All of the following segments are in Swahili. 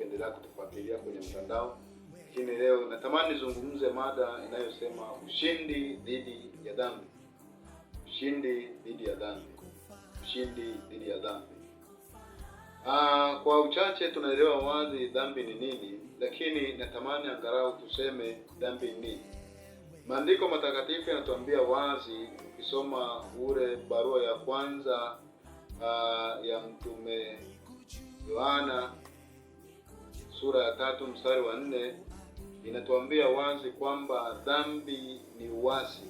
ukiendelea kutufuatilia kwenye mtandao. Lakini leo natamani nizungumze mada inayosema ushindi dhidi ya dhambi, ushindi dhidi ya dhambi, ushindi dhidi ya dhambi. Aa, ah, kwa uchache tunaelewa wazi dhambi ni nini, lakini natamani angalau tuseme dhambi ni nini. Maandiko matakatifu yanatuambia wazi, ukisoma ule barua ya kwanza aa, ah, ya mtume Yohana sura ya tatu mstari wa nne inatuambia wazi kwamba dhambi ni uasi.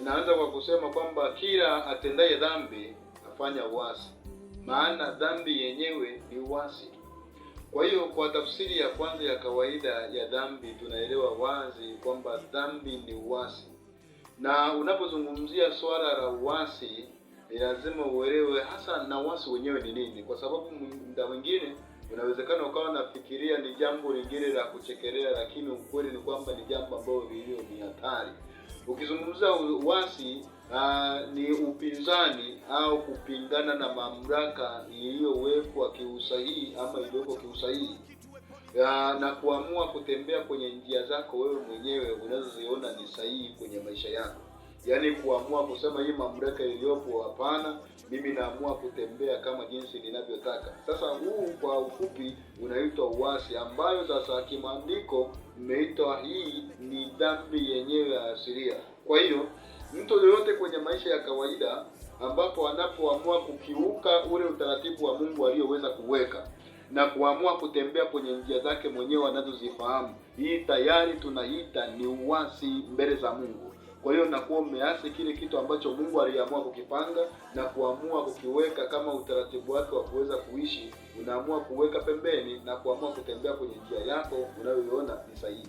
Inaanza kwa kusema kwamba kila atendaye dhambi afanya uasi, maana dhambi yenyewe ni uasi. Kwa hiyo kwa tafsiri ya kwanza ya kawaida ya dhambi tunaelewa wazi kwamba dhambi ni uasi, na unapozungumzia swala la uasi ni lazima uelewe hasa na uasi wenyewe ni nini, kwa sababu muda mwingine Inawezekana ukawa nafikiria ni jambo lingine la kuchekelea, lakini ukweli ni kwamba ni jambo ambalo lilio ni hatari. Ukizungumza uasi uh, ni upinzani au kupingana na mamlaka iliyowekwa kiusahihi ama iliyoko kiusahihi uh, na kuamua kutembea kwenye njia zako wewe mwenyewe unazoziona ni sahihi kwenye maisha yako, yaani kuamua kusema hii mamlaka iliyopo hapana mimi naamua kutembea kama jinsi ninavyotaka. Sasa huu kwa ufupi unaitwa uasi, ambayo sasa kimaandiko mmeitwa, hii ni dhambi yenyewe ya asilia. Kwa hiyo mtu yoyote kwenye maisha ya kawaida ambapo anapoamua kukiuka ule utaratibu wa Mungu aliyoweza kuweka na kuamua kutembea kwenye njia zake mwenyewe anazozifahamu, hii tayari tunaita ni uasi mbele za Mungu. Kwa hiyo nakuwa mmeasi kile kitu ambacho Mungu aliamua kukipanga na kuamua kukiweka kama utaratibu wake wa kuweza kuishi, unaamua kuweka pembeni na kuamua kutembea kwenye njia yako unayoiona ni sahihi.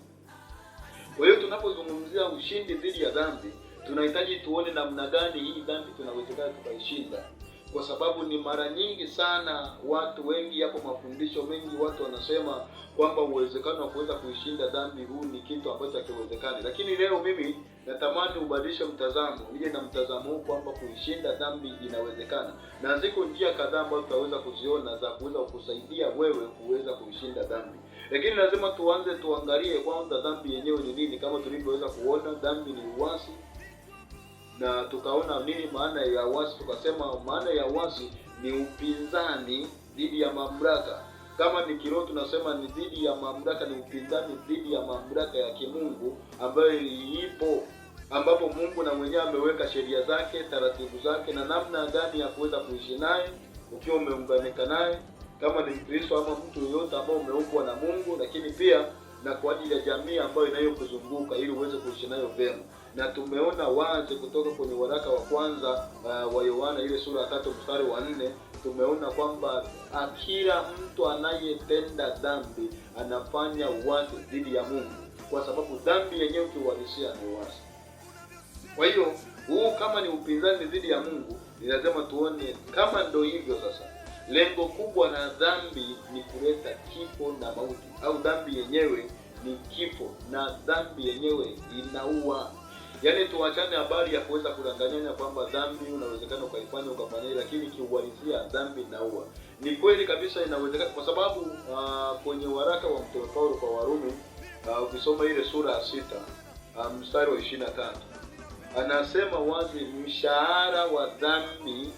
Kwa hiyo tunapozungumzia ushindi dhidi ya dhambi, tunahitaji tuone namna gani hii dhambi tunawezekana tukaishinda kwa sababu ni mara nyingi sana watu wengi, yapo mafundisho mengi, watu wanasema kwamba uwezekano wa kuweza kuishinda dhambi huu ni kitu ambacho hakiwezekani. Lakini leo mimi natamani ubadilishe mtazamo, ije na mtazamo huu kwamba kuishinda dhambi inawezekana, na ziko njia kadhaa ambazo tutaweza kuziona za kuweza kukusaidia wewe kuweza kuishinda dhambi. Lakini lazima tuanze tuangalie kwanza dhambi yenyewe ni nini. Kama tulivyoweza kuona, dhambi ni uasi na tukaona nini maana ya uasi, tukasema maana ya uasi ni upinzani dhidi ya mamlaka. Kama ni kiroho tunasema ni dhidi ya mamlaka, ni upinzani dhidi ya mamlaka ya kimungu ambayo ipo ambapo Mungu na mwenyewe ameweka sheria zake, taratibu zake na namna gani ya kuweza kuishi naye ukiwa umeunganika naye kama ni Mkristo ama mtu yoyote ambao umeumbwa na Mungu, lakini pia na kwa ajili ya jamii ambayo inayokuzunguka ili uweze kuishi nayo vyema na tumeona wazi kutoka kwenye waraka wa kwanza uh, wa Yohana ile sura ya tatu mstari wa nne tumeona kwamba kila mtu anayetenda dhambi anafanya uasi dhidi ya Mungu, kwa sababu dhambi yenyewe ukiuhalisia ni uasi. Kwa hiyo huu kama ni upinzani dhidi ya Mungu, ni lazima tuone kama ndo hivyo sasa. Lengo kubwa la dhambi ni kuleta kifo na mauti, au dhambi yenyewe ni kifo, na dhambi yenyewe inaua. Yaani tuachane habari ya kuweza kudanganyana kwamba dhambi unawezekana ukaifanya ukafanya, lakini kiuhalisia dhambi inaua. Ni kweli kabisa inawezekana, kwa sababu uh, kwenye waraka wa mtume Paulo kwa Warumi uh, ukisoma ile sura ya sita uh, mstari wa ishirini na tatu anasema wazi, mshahara wa dhambi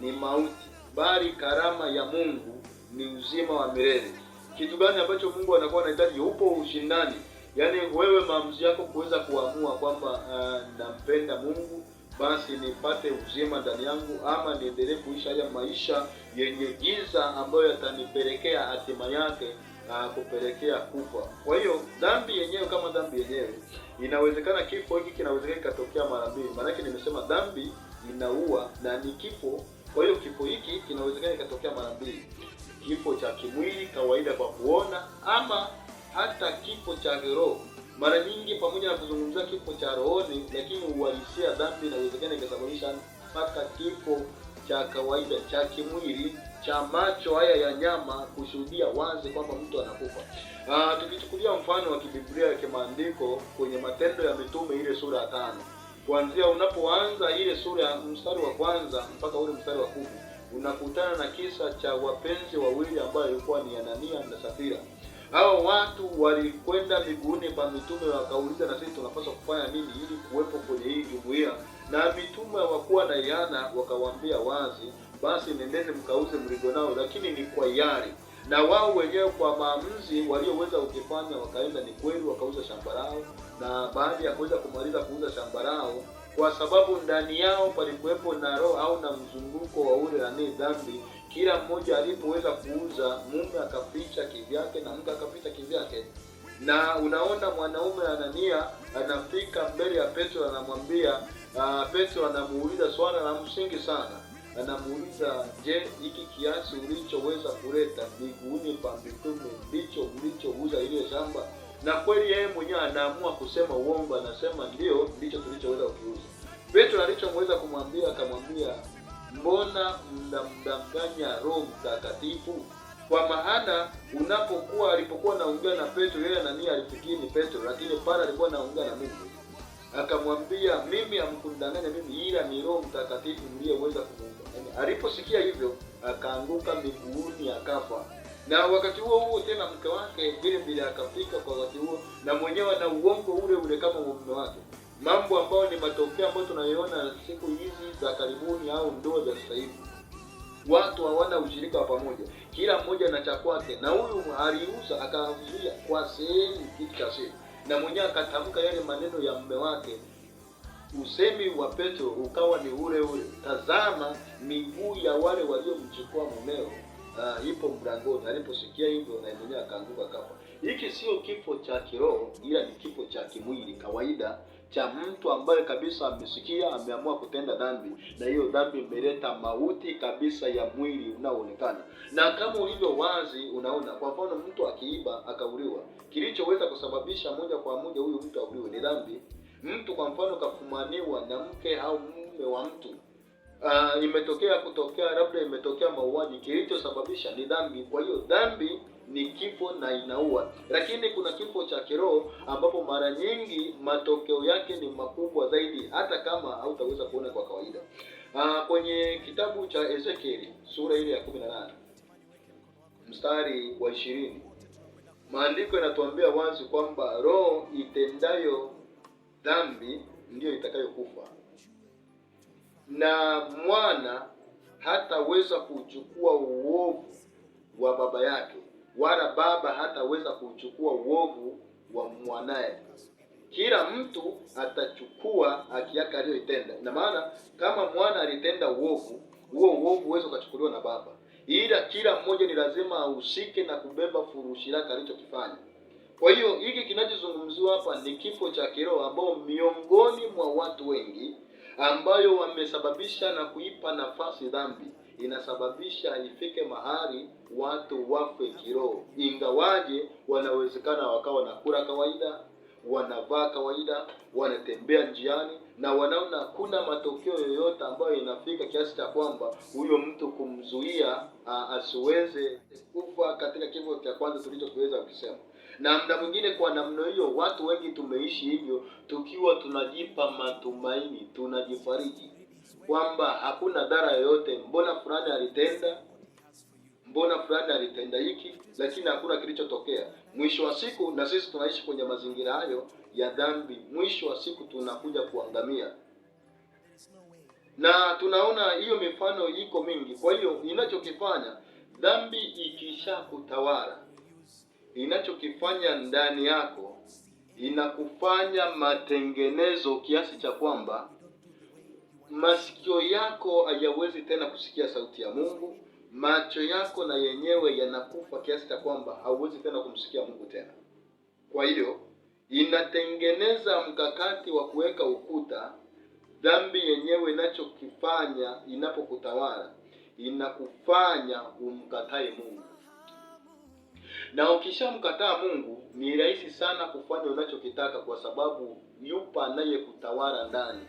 ni mauti, bali karama ya Mungu ni uzima wa milele. Kitu gani ambacho Mungu anakuwa anahitaji? Upo ushindani yaani wewe maamuzi yako kuweza kuamua kwamba uh, nampenda Mungu basi nipate uzima ndani yangu ama niendelee kuisha haya maisha yenye giza ambayo yatanipelekea hatima yake uh, kupelekea kufa. Kwa hiyo dhambi yenyewe kama dhambi yenyewe inawezekana, kifo hiki kinawezekana kikatokea mara mbili, maanake nimesema dhambi inaua na ni kifo. Kwa hiyo kifo hiki kinawezekana kikatokea mara mbili, kifo cha kimwili kawaida kwa kuona ama hata kifo cha kiroho. Mara nyingi pamoja na kuzungumzia kifo cha rohoni, lakini uhalisia dhambi inawezekana ikasababisha mpaka kifo cha kawaida cha kimwili cha macho haya ya nyama kushuhudia wazi kwamba mtu anakufa. Ah, tukichukulia mfano wa kibiblia ya kimaandiko kwenye Matendo ya Mitume ile sura ya tano kuanzia unapoanza ile sura mstari wa kwanza mpaka ule mstari wa kumi unakutana na kisa cha wapenzi wawili ambayo ilikuwa ni Anania na Safira hao watu walikwenda miguuni pa mitume wakauliza, na sisi tunapaswa kufanya nini ili kuwepo kwenye hii jumuiya? Na mitume wakuwa na yana, wakawaambia wazi, basi nendeni mkauze mligo nao, lakini ni kwa yari Na wao wenyewe kwa maamuzi walioweza kukifanya, wakaenda, ni kweli, wakauza shamba lao, na baada ya kuweza kumaliza kuuza shamba lao kwa sababu ndani yao palikuwepo na roho au na mzunguko wa ule nani dhambi kila mmoja alipoweza kuuza, mume akaficha kivyake na mke akaficha kivyake. Na unaona mwanaume Anania anafika mbele ya Petro, anamwambia uh, Petro anamuuliza swala la msingi sana, anamuuliza je, hiki kiasi ulichoweza kuleta miguuni pa mitume ndicho ulichouza ile shamba? Na kweli yeye mwenyewe anaamua kusema uongo, anasema ndio, ndicho tulichoweza kukiuza. Petro alichoweza kumwambia akamwambia mbona mnamdanganya Roho Mtakatifu? Kwa maana unapokuwa alipokuwa naongea na Petro, yeye nani alifikiri ni Petro, lakini pale alikuwa anaongea na Mungu. Akamwambia, mimi amkundanganya mimi, ila ni Roho Mtakatifu mliyeweza kumdanganya. Aliposikia hivyo, akaanguka miguuni akafa. Na wakati huo huo tena mke wake vile vile akafika kwa wakati huo, na mwenyewe na uongo ule ule kama mume wake mambo ambayo ni matokeo ambayo tunayoona siku hizi za karibuni au ndoa za sasa hivi, watu hawana ushirika wa pamoja, kila mmoja na cha kwake, na huyu aliuza akazuia kwa sehemu kitu cha sehemu, na mwenyewe akatamka yale maneno ya mume wake. Usemi wa Petro ukawa ni ule ule, tazama miguu ya wale waliomchukua mumeo uh, ipo mlangoni. Aliposikia hivyo, na mwenyewe akaanguka kafa. Hiki sio kifo cha kiroho, ila ni kifo cha kimwili kawaida cha mtu ambaye kabisa amesikia ameamua kutenda dhambi, na hiyo dhambi imeleta mauti kabisa ya mwili unaoonekana. Na kama ulivyo wazi, unaona kwa mfano mtu akiiba akauliwa, kilichoweza kusababisha moja kwa moja huyu mtu auliwe ni dhambi. Mtu kwa mfano kafumaniwa na mke au mume wa mtu Uh, imetokea kutokea labda imetokea mauaji, kilichosababisha ni dhambi. Kwa hiyo dhambi ni kifo na inaua, lakini kuna kifo cha kiroho ambapo mara nyingi matokeo yake ni makubwa zaidi, hata kama hautaweza kuona kwa kawaida. Aa, ah, kwenye kitabu cha Ezekieli sura ile ya 18 mstari wa ishirini maandiko yanatuambia wazi kwamba roho itendayo dhambi ndiyo itakayokufa na mwana hataweza kuchukua uovu wa baba yake wala baba hataweza kuchukua uovu wa mwanaye. Kila mtu atachukua haki yake aliyoitenda. Ina maana kama mwana alitenda uovu, huo uovu uweze ukachukuliwa na baba, ila kila mmoja ni lazima ahusike na kubeba furushi lake alichokifanya. Kwa hiyo hiki kinachozungumziwa hapa ni kifo cha kiroho, ambao miongoni mwa watu wengi ambayo wamesababisha na kuipa nafasi dhambi inasababisha ifike mahali watu wafe kiroho, ingawaje wanawezekana wakawa na kula kawaida, wanavaa kawaida, wanatembea njiani na wanaona hakuna matokeo yoyote ambayo inafika kiasi cha kwamba huyo mtu kumzuia asiweze kufa katika kifo cha kwanza tulichokiweza kusema. Na mda mwingine, kwa namna hiyo, watu wengi tumeishi hivyo tukiwa tunajipa matumaini, tunajifariji kwamba hakuna dhara yoyote, mbona fulani alitenda, mbona fulani alitenda hiki, lakini hakuna kilichotokea. Mwisho wa siku, na sisi tunaishi kwenye mazingira hayo ya dhambi. Mwisho wa siku tunakuja kuangamia, na tunaona hiyo mifano iko mingi. Kwa hiyo inachokifanya dhambi ikisha kutawala, inachokifanya ndani yako inakufanya matengenezo kiasi cha kwamba masikio yako hayawezi tena kusikia sauti ya Mungu, macho yako na yenyewe yanakufa kiasi cha kwamba hauwezi tena kumsikia Mungu tena. Kwa hiyo inatengeneza mkakati wa kuweka ukuta. Dhambi yenyewe inachokifanya inapokutawala, inakufanya umkatae Mungu, na ukishamkataa Mungu ni rahisi sana kufanya unachokitaka, kwa sababu yupa anayekutawala ndani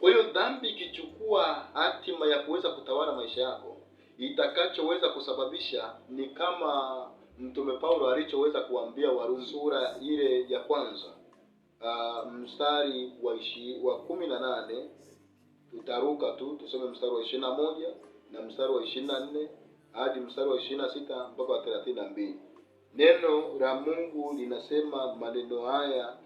kwa hiyo dhambi ikichukua hatima ya kuweza kutawala maisha yako, itakachoweza kusababisha ni kama Mtume Paulo alichoweza kuambia Warumi sura ile ya kwanza uh, mstari wa ishi, wa kumi na nane tutaruka tu tusome mstari wa ishirini na moja na mstari wa ishirini na nne hadi mstari wa ishirini na sita mpaka wa thelathini na mbili. Neno la Mungu linasema maneno haya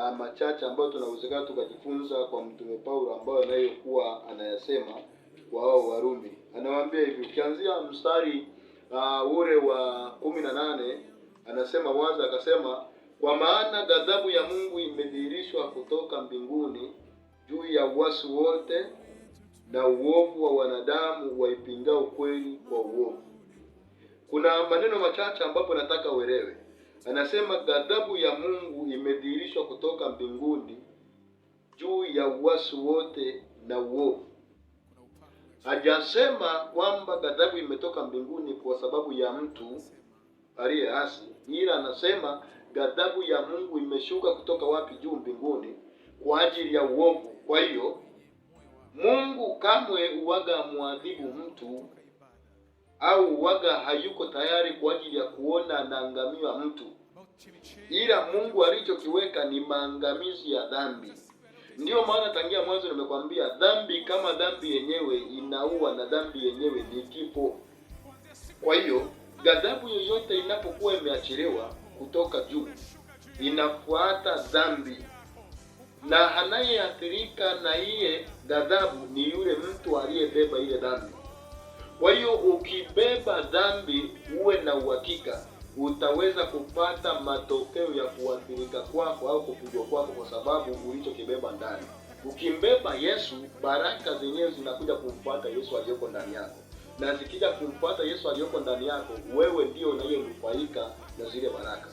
Ah, machache ambayo tunawezekana tukajifunza kwa Mtume Paulo ambayo anayokuwa anayasema kwa hao Warumi. Anawaambia hivi ukianzia mstari uh, ule wa kumi na nane anasema mwanzo akasema, kwa maana ghadhabu ya Mungu imedhihirishwa kutoka mbinguni juu ya uasi wote na uovu wa wanadamu waipingao kweli kwa uovu. Kuna maneno machache ambapo nataka uelewe. Anasema ghadhabu ya Mungu imedhihirishwa kutoka mbinguni juu ya uasi wote na uovu. Hajasema kwamba ghadhabu imetoka mbinguni kwa sababu ya mtu aliyeasi, ila anasema ghadhabu ya Mungu imeshuka kutoka wapi? Juu mbinguni, kwa ajili ya uovu. Kwa hiyo Mungu kamwe uwaga mwadhibu mtu au waga hayuko tayari kwa ajili ya kuona anaangamiwa mtu, ila Mungu alichokiweka ni maangamizi ya dhambi. Ndiyo maana tangia mwanzo nimekwambia dhambi kama dhambi yenyewe inaua na dhambi yenyewe ni kifo. Kwa hiyo ghadhabu yoyote inapokuwa imeachiliwa kutoka juu inafuata dhambi, na anayeathirika na iye ghadhabu ni yule mtu aliyebeba ile dhambi. Kwa hiyo ukibeba dhambi, uwe na uhakika utaweza kupata matokeo ya kuathirika kwako au kupigwa kwako, kwa sababu ulichokibeba ndani. Ukimbeba Yesu, baraka zenyewe zinakuja kumfuata Yesu aliyoko ndani yako, na zikija kumfuata Yesu aliyoko ndani yako, wewe ndio unayenufaika na zile baraka.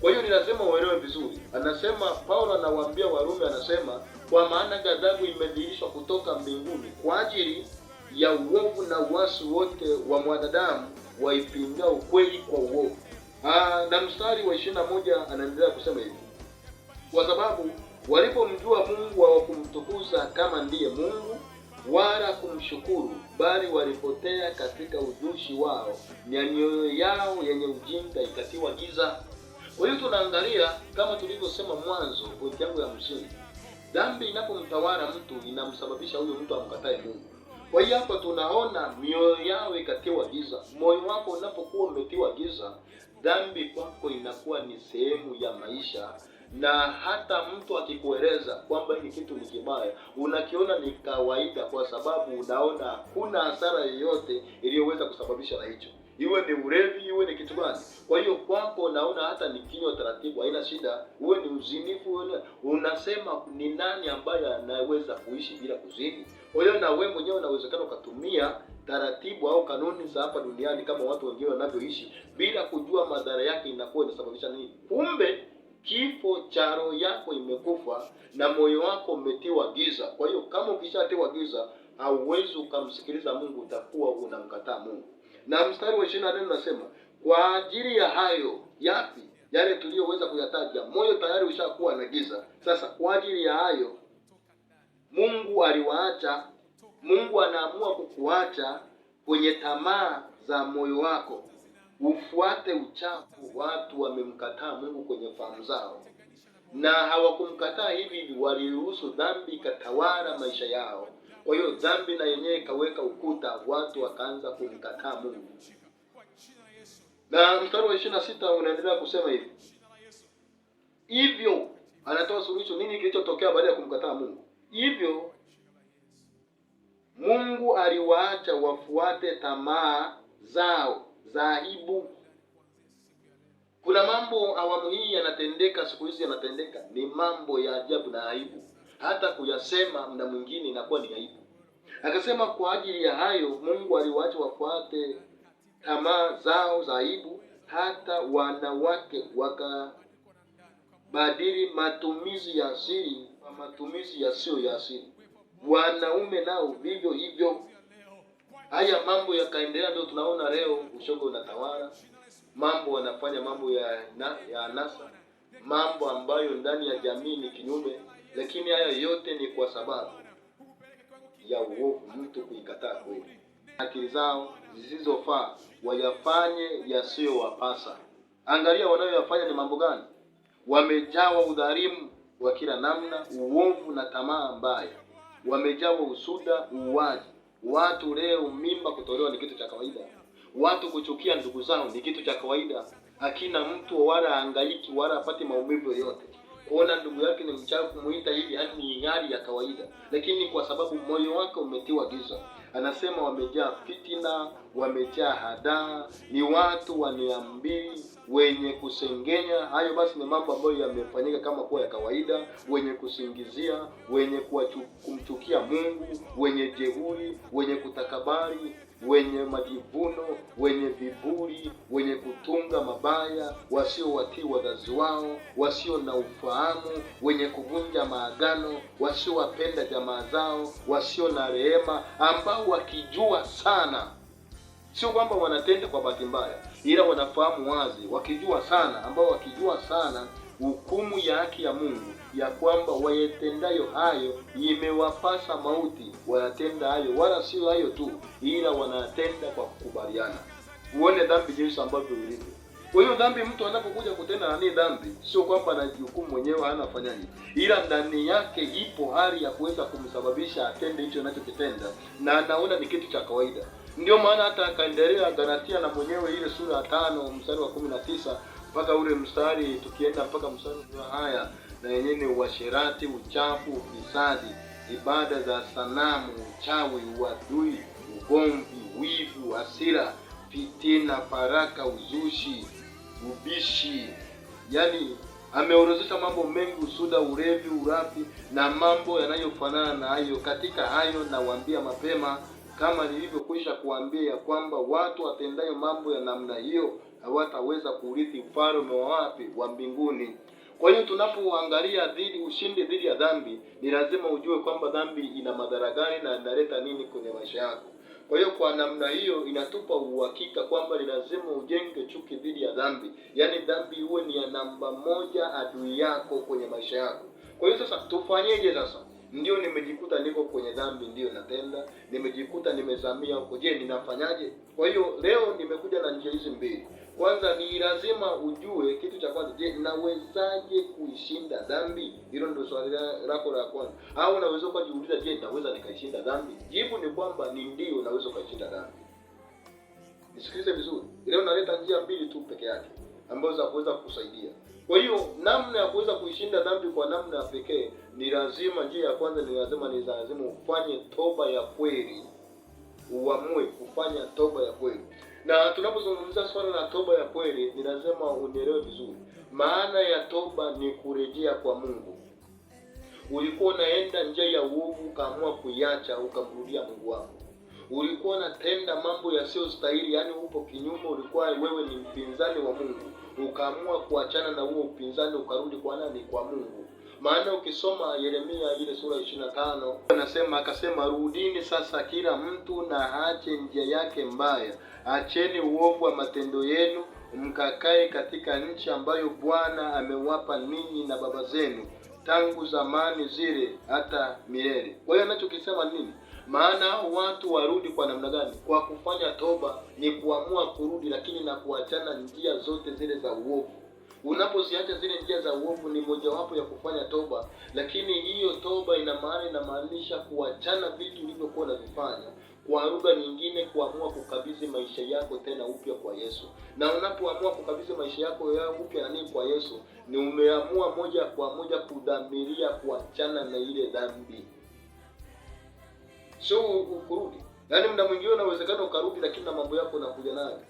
Kwa hiyo ninasema uelewe vizuri. Anasema Paulo, anawaambia Warumi, anasema kwa maana ghadhabu imedhihirishwa kutoka mbinguni kwa ajili ya uovu na uasi wote wa mwanadamu waipinga ukweli kwa uovu. Ah, na mstari wa ishirini na moja anaendelea kusema hivi, kwa sababu walipomjua Mungu hawakumtukuza kama ndiye Mungu wala kumshukuru, bali walipotea katika uzushi wao, na mioyo yao yenye ujinga ikatiwa giza. Kwa hiyo tunaangalia kama tulivyosema mwanzo, pointi yangu ya msingi, dhambi inapomtawala mtu inamsababisha huyo mtu amkatae Mungu. Kwa hiyo hapa tunaona mioyo yao ikatiwa giza. Moyo wako unapokuwa umetiwa giza, dhambi kwako inakuwa ni sehemu ya maisha, na hata mtu akikueleza kwamba hiki kitu ni kibaya, unakiona ni kawaida, kwa sababu unaona hakuna hasara yoyote iliyoweza kusababisha na hicho iwe ni ulevi, iwe ni kitu gani. Kwa hiyo kwako naona hata nikinywa taratibu haina shida, uwe ni uzinifu uwe, unasema ni nani ambaye anaweza kuishi bila kuzini? Kwa hiyo na wewe mwenyewe unawezekana ukatumia taratibu au kanuni za hapa duniani kama watu wengine wanavyoishi bila kujua madhara yake inakuwa inasababisha nini. Kumbe kifo cha roho yako imekufa na moyo wako umetiwa giza. Kwa hiyo kama ukishatiwa giza hauwezi ukamsikiliza Mungu, utakuwa unamkataa Mungu na mstari wa ishirini na nne unasema kwa ajili ya hayo yapi yale tuliyoweza kuyataja, moyo tayari ushakuwa na giza. Sasa kwa ajili ya hayo Mungu aliwaacha. Mungu anaamua kukuacha kwenye tamaa za moyo wako ufuate uchafu. Watu wamemkataa Mungu kwenye fahamu zao, na hawakumkataa hivi, waliruhusu dhambi ikatawala maisha yao. Kwa hiyo dhambi na yenyewe ikaweka ukuta, watu wakaanza kumkataa Mungu. Na mstari wa ishirini na sita unaendelea kusema hivi, hivyo anatoa suluhisho. Nini kilichotokea baada ya kumkataa Mungu? Hivyo Mungu aliwaacha wafuate tamaa zao za aibu. Kuna mambo awamu hii yanatendeka, siku hizi yanatendeka, ni mambo ya ajabu na aibu hata kuyasema mda mwingine inakuwa ni aibu. Akasema kwa ajili ya hayo Mungu aliwaacha wafuate tamaa zao za aibu, hata wanawake wakabadili matumizi ya asili kwa matumizi yasiyo ya asili, wanaume nao vivyo hivyo. Haya mambo yakaendelea, ndio tunaona leo ushoga unatawala, mambo wanafanya mambo ya, na, ya anasa, mambo ambayo ndani ya jamii ni kinyume lakini hayo yote ni kwa sababu ya uovu, mtu kuikataa kweli. Akili zao zisizofaa wayafanye yasiyowapasa. Angalia wanayoyafanya ni mambo gani? Wamejawa udhalimu wa kila namna, uovu na tamaa mbaya. Wamejawa usuda, uuaji. Watu leo mimba kutolewa ni kitu cha kawaida. Watu kuchukia ndugu zao ni kitu cha kawaida. akina mtu wala angaiki wala apate maumivu yoyote kuona ndugu yake ni mchafu, kumuita hivi, hadi yaani ni hali ya kawaida, lakini kwa sababu moyo wake umetiwa giza. Anasema wamejaa fitina, wamejaa hadaa, ni watu waniambii wenye kusengenya. Hayo basi ni mambo ambayo yamefanyika kama kuwa ya kawaida, wenye kusingizia, wenye kumchukia Mungu, wenye jeuri, wenye kutakabari wenye majivuno, wenye viburi, wenye kutunga mabaya, wasiowatii wazazi wao, wasio na ufahamu, wenye kuvunja maagano, wasiowapenda jamaa zao, wasio na rehema, ambao wakijua sana sio kwamba wanatenda kwa bahati mbaya, ila wanafahamu wazi, wakijua sana, ambao wakijua sana hukumu ya haki ya Mungu ya kwamba wayetendayo hayo imewapasa mauti, Wayatenda hayo, wala sio hayo tu, ila wanatenda kwa kukubaliana. Uone dhambi jinsi ambavyo ilivyo. Kwa hiyo dhambi, mtu anapokuja kutenda nani dhambi, sio kwamba anajihukumu mwenyewe, hana fanyaje, ila ndani yake ipo hali ya kuweza kumsababisha atende hicho anachokitenda, na anaona ni kitu cha kawaida. Ndio maana hata akaendelea Galatia na mwenyewe ile sura ya tano mstari wa kumi na tisa mpaka ule mstari tukienda mpaka mstari wa haya na yenyewe ni uasherati, uchafu, ufisadi, ibada za sanamu, uchawi, uadui, ugomvi, wivu, hasira, fitina, paraka, uzushi, ubishi. yani ameorozesha mambo mengi, usuda, urevi, urafi na mambo yanayofanana na hayo. Katika hayo nawaambia mapema kama nilivyokwisha kuambia ya kwamba watu watendayo mambo ya namna hiyo hawataweza kuurithi ufalme wa wapi? Wa mbinguni. Kwa hiyo tunapoangalia dhidi ushindi dhidi ya dhambi, ni lazima ujue kwamba dhambi ina madhara gani na inaleta nini kwenye maisha yako. Kwa hiyo kwa namna hiyo inatupa uhakika kwamba ni lazima ujenge chuki dhidi ya dhambi, yaani dhambi huwe ni ya namba moja adui yako kwenye maisha yako. Kwa hiyo sasa tufanyeje? Sasa ndio nimejikuta niko kwenye dhambi, ndio natenda, nimejikuta nimezamia huko. Je, ninafanyaje? Kwa hiyo leo nimekuja na njia hizi mbili. Kwanza ni lazima ujue kitu cha kwanza, je, nawezaje kuishinda dhambi? Hilo ndio swali lako la kwanza. Au unaweza ukajiuliza, je, naweza nikaishinda dhambi? Jibu ni kwamba ni ndio, naweza ukaishinda dhambi. Nisikilize vizuri, leo naleta njia mbili tu peke yake ambazo za kuweza kukusaidia. Kwa hiyo namna ya kuweza kuishinda dhambi kwa namna ya pekee ni lazima, njia ya kwanza ni lazima ni lazima ufanye toba ya kweli, uamue kufanya toba ya kweli. Na tunapozungumza swala la toba ya kweli, ni lazima unielewe vizuri. Maana ya toba ni kurejea kwa Mungu. Ulikuwa unaenda njia ya uovu, ukaamua kuiacha, ukamrudia Mungu wako. Ulikuwa unatenda mambo yasiyostahili, yaani upo kinyume, ulikuwa wewe ni mpinzani wa Mungu, ukaamua kuachana na huo upinzani, ukarudi kwa nani? Kwa Mungu. Maana ukisoma Yeremia ile sura ya ishirini na tano anasema akasema, rudini sasa kila mtu na aache njia yake mbaya Acheni uovu wa matendo yenu, mkakae katika nchi ambayo Bwana amewapa ninyi na baba zenu tangu zamani zile hata milele. Kwa hiyo anachokisema nini? Maana watu warudi kwa namna gani? Kwa kufanya toba, ni kuamua kurudi, lakini na kuachana njia zote zile za uovu. Unapoziacha zile njia za uovu, ni mojawapo ya kufanya toba, lakini hiyo toba ina maana inamaanisha kuachana vitu ulivyokuwa unavifanya kwa lugha nyingine, kuamua kukabidhi maisha yako tena upya kwa Yesu. Na unapoamua kukabidhi maisha yako ya upya nani kwa Yesu, ni umeamua moja kwa moja kudhamiria kuachana na ile dhambi, sio ukurudi Yaani muda mwingine unawezekana ukarudi, lakini na mambo yako unakuja nayo,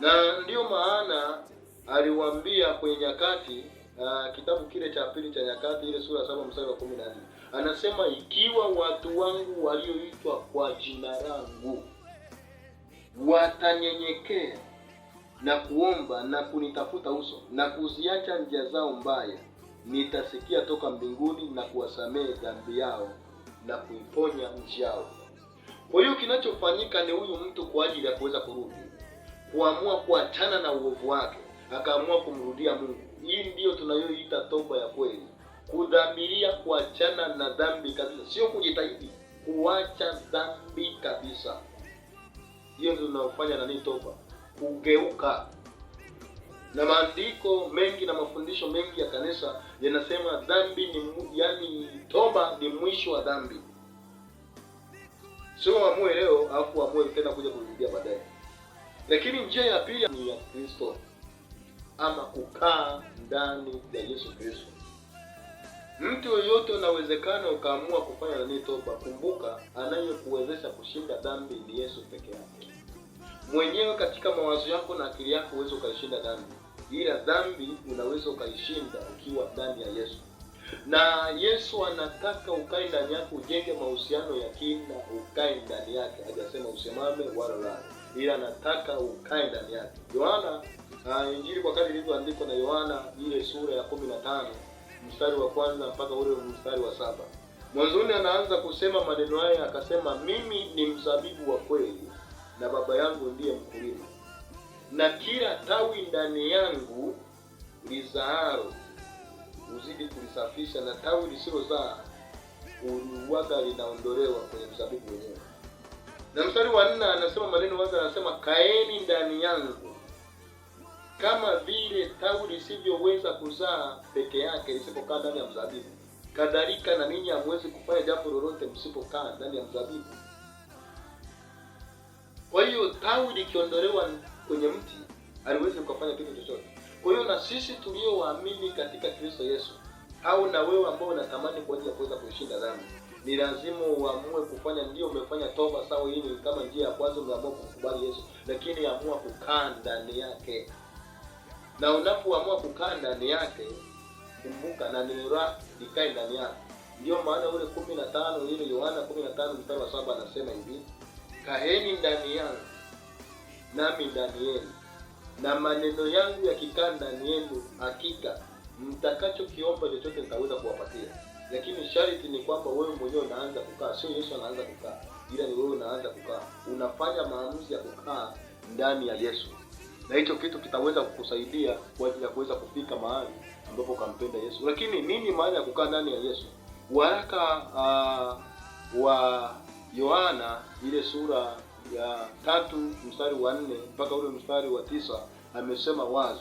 na ndiyo maana aliwaambia kwenye nyakati, uh, kitabu kile cha pili cha Nyakati ile sura saba mstari wa kumi na nne anasema ikiwa watu wangu walioitwa kwa jina langu watanyenyekea na kuomba na kunitafuta uso na kuziacha njia zao mbaya, nitasikia toka mbinguni na kuwasamehe dhambi yao na kuiponya nchi yao. Kwa hiyo kinachofanyika ni huyu mtu kwa ajili ya kuweza kurudi, kuamua kuachana na uovu wake, akaamua kumrudia Mungu. Hii ndiyo tunayoita toba ya kweli kudhamiria kuachana na dhambi kabisa, sio kujitahidi, kuacha dhambi kabisa. Hiyo ndio tunayofanya nani? Toba, kugeuka. Na maandiko mengi na mafundisho mengi ya kanisa yanasema dhambi ni yani toba ni mwisho wa dhambi. Sio amue leo alafu amue tena kuja kurudia baadaye. Lakini njia ya pili ni ya Kristo ama kukaa ndani ya Yesu Kristo. Mtu yoyote unawezekana ukaamua kufanya nini toba. Kumbuka, anayekuwezesha kushinda dhambi ni Yesu peke yake. Mwenyewe katika mawazo yako na akili yako uweze ukaishinda dhambi, ila dhambi unaweza ukaishinda ukiwa ndani ya Yesu, na Yesu anataka ukae ndani yake, ujenge mahusiano ya kina, ukae ndani yake. Hajasema usimame wala ulale, ila anataka ukae ndani yake. Yohana uh, Injili kwa kadri ilivyoandikwa na Yohana ile sura ya kumi na tano mstari wa kwanza mpaka ule mstari wa saba. Mwanzoni anaanza kusema maneno haya, akasema mimi ni mzabibu wa kweli na baba yangu ndiye mkulima, na kila tawi ndani yangu lizaaro uzidi kulisafisha, na tawi lisilozaa uwaga linaondolewa kwenye mzabibu wenyewe. Na mstari wa nne anasema maneno waza anasema kaeni ndani yangu kama vile tawi lisivyoweza kuzaa peke yake lisipokaa ndani ya mzabibu, kadhalika na ninyi hamwezi kufanya jambo lolote msipokaa ndani ya mzabibu. Kwa hiyo tawi likiondolewa kwenye mti aliwezi kufanya kitu chochote. Kwa hiyo na sisi tuliowaamini katika Kristo Yesu, au na wewe ambao unatamani kwa ajili ya kuweza kuishinda dhambi, ni lazima uamue kufanya. Ndio umefanya toba sawa, hii ni kama njia ya kwanza, umeamua kumkubali Yesu, lakini amua kukaa ndani yake na unapoamua kukaa ndani yake, kumbuka na nira nikae ndani yake. ndio maana ule kumi na tano ile Yohana kumi na tano mstari wa saba anasema hivi, kaeni ndani yangu nami ndani yenu, na maneno yangu yakikaa ndani yenu, hakika mtakachokiomba chochote nitaweza kuwapatia. Lakini sharti ni kwamba wewe mwenyewe unaanza kukaa, sio Yesu anaanza kukaa, ila ni wewe unaanza kukaa, unafanya maamuzi ya kukaa ndani ya Yesu na hicho kitu kitaweza kukusaidia kwa ajili ya kuweza kufika mahali ambapo ukampenda Yesu. Lakini nini maana ya kukaa ndani ya Yesu? Waraka uh, wa Yohana ile sura ya tatu mstari wa nne mpaka ule mstari wa tisa amesema wazi,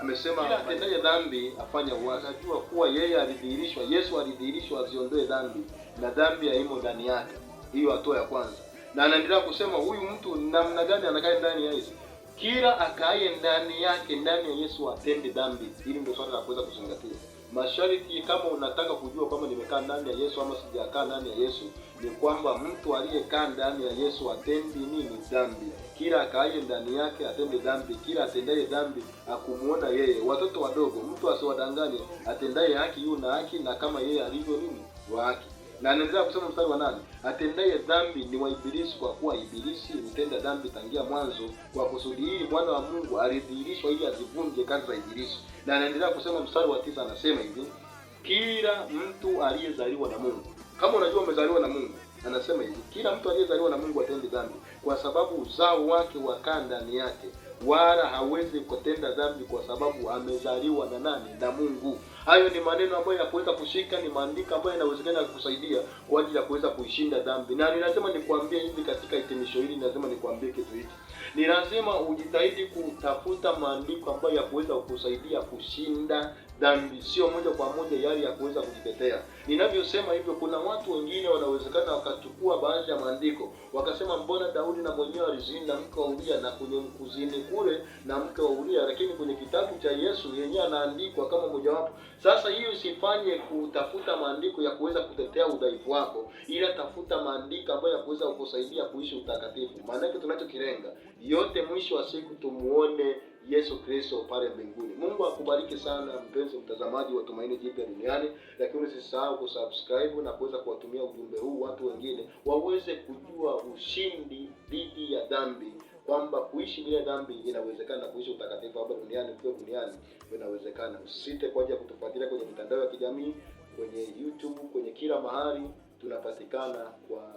amesema atendaye dhambi afanya wazi, ajua kuwa yeye alidhihirishwa, Yesu alidhihirishwa aziondoe dhambi, na dhambi haimo ndani yake. Hiyo hatua ya kwanza, na anaendelea kusema huyu mtu namna gani anakaa ndani ya Yesu kila akaye ndani yake ndani ya Yesu atende dhambi. Hili ndio swala la kuweza kuzingatia masharti. Kama unataka kujua kwamba nimekaa ndani ya Yesu ama sijakaa ndani ya Yesu, ni kwamba mtu aliyekaa ndani ya Yesu atendi nini? Dhambi. Kila akaye ndani yake atende dhambi, kila atendaye dhambi akumuona yeye. Watoto wadogo, mtu asiwadanganye, atendaye haki yu na haki, na kama yeye alivyo nini wa haki na anaendelea kusema mstari wa nane, atendaye dhambi ni wa Ibilisi, kwa kuwa Ibilisi mtenda dhambi tangia mwanzo. Kwa kusudi hili mwana wa Mungu alidhihirishwa ili azivunje kazi za Ibilisi. Na anaendelea kusema mstari wa tisa, anasema hivi, kila mtu aliyezaliwa na Mungu, kama unajua umezaliwa na Mungu, anasema hivi, kila mtu aliyezaliwa na Mungu atendi dhambi, kwa sababu uzao wake wakaa ndani yake, wala hawezi kutenda dhambi, kwa sababu amezaliwa na nani? Na Mungu. Hayo ni maneno ambayo yakuweza kushika, ni maandiko ambayo yanawezekana kukusaidia kwa ajili ya kuweza kuishinda dhambi. Na ninasema nikuambie hivi, katika hitimisho hili ninasema nikuambie kitu hiki, ni lazima ujitahidi kutafuta maandiko ambayo yakuweza kukusaidia kushinda dhambi, sio moja kwa moja yale ya kuweza kujitetea. Ninavyosema hivyo, kuna watu wengine wanawezekana wakachukua baadhi ya maandiko wakasema, mbona Daudi na mwenyewe alizini na mke wa Uria na kwenye kuzini kule na mke wa Uria, lakini kwenye kitabu cha Yesu yenyewe anaandikwa kama mojawapo. Sasa hiyo usifanye kutafuta maandiko ya kuweza kutetea udhaifu wako, ila tafuta maandiko ambayo yakuweza kukusaidia kuishi utakatifu. Maanake tunachokilenga yote, mwisho wa siku tumuone Yesu Kristo pale mbinguni. Mungu akubariki sana mpenzi mtazamaji wa Tumaini Jipya Duniani, lakini usisahau kusubscribe na kuweza kuwatumia ujumbe huu watu wengine waweze kujua ushindi dhidi ya dhambi, kwamba kuishi bila dhambi inawezekana, kuishi utakatifu hapa duniani kwa duniani inawezekana. usite kwa ajili ya kutufuatilia kwenye mitandao ya kijamii, kwenye YouTube, kwenye kila mahali tunapatikana kwa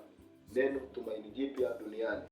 neno Tumaini Jipya Duniani.